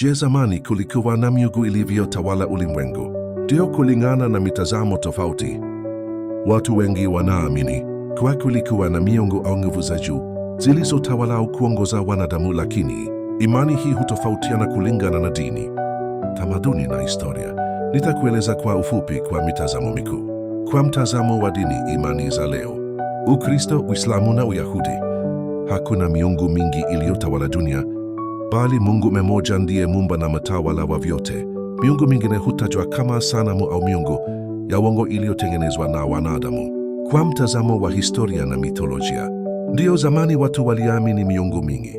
Je, zamani kulikuwa na miungu ilivyotawala ulimwengu? Ndio, kulingana na mitazamo tofauti. Watu wengi wanaamini kwa kulikuwa na miungu au nguvu za juu zilizotawala au kuongoza wanadamu, lakini imani hii hutofautiana kulingana na dini, tamaduni na historia. Nitakueleza kwa ufupi kwa mitazamo mikuu. Kwa mtazamo wa dini, imani za leo, Ukristo, Uislamu na Uyahudi, hakuna miungu mingi iliyotawala dunia bali Mungu mmoja ndiye mumba na mtawala wa vyote. Miungu mingine hutajwa kama sanamu au miungu ya uongo iliyotengenezwa na wanadamu kwa mtazamo wa historia na mitolojia. Ndiyo zamani watu waliamini miungu mingi: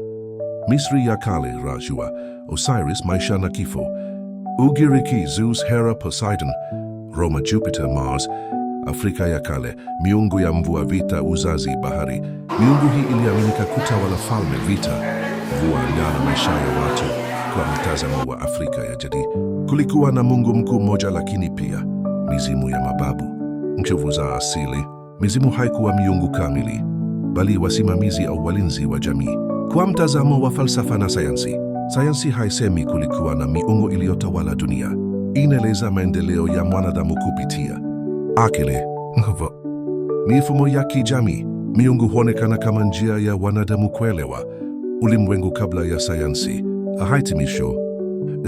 Misri ya kale, Rajua, Osiris, maisha na kifo; Ugiriki, Zeus, Hera, Poseidon; Roma, Jupiter, Mars; Afrika ya kale, miungu ya mvua, vita, uzazi, bahari. Miungu hii iliaminika kutawala falme, vita kuandaa maisha ya watu kwa mtazamo wa Afrika ya jadi. Kulikuwa na Mungu mkuu mmoja, lakini pia mizimu ya mababu, nguvu za asili. Mizimu haikuwa miungu kamili, bali wasimamizi au walinzi wa jamii. Kwa mtazamo wa falsafa na sayansi, sayansi haisemi kulikuwa na miungu iliyotawala dunia, inaeleza maendeleo ya mwanadamu kupitia akili, nguvu, mifumo ya kijamii. Miungu huonekana kama njia ya wanadamu kuelewa Ulimwengu kabla ya sayansi. Ahitimisho.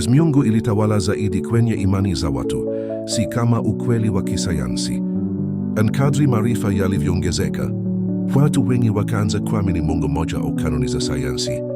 Miungu ilitawala zaidi kwenye imani za watu, si kama ukweli wa kisayansi. Kadri maarifa yalivyoongezeka, watu wengi wakaanza kuamini Mungu mmoja au kanuni za sayansi.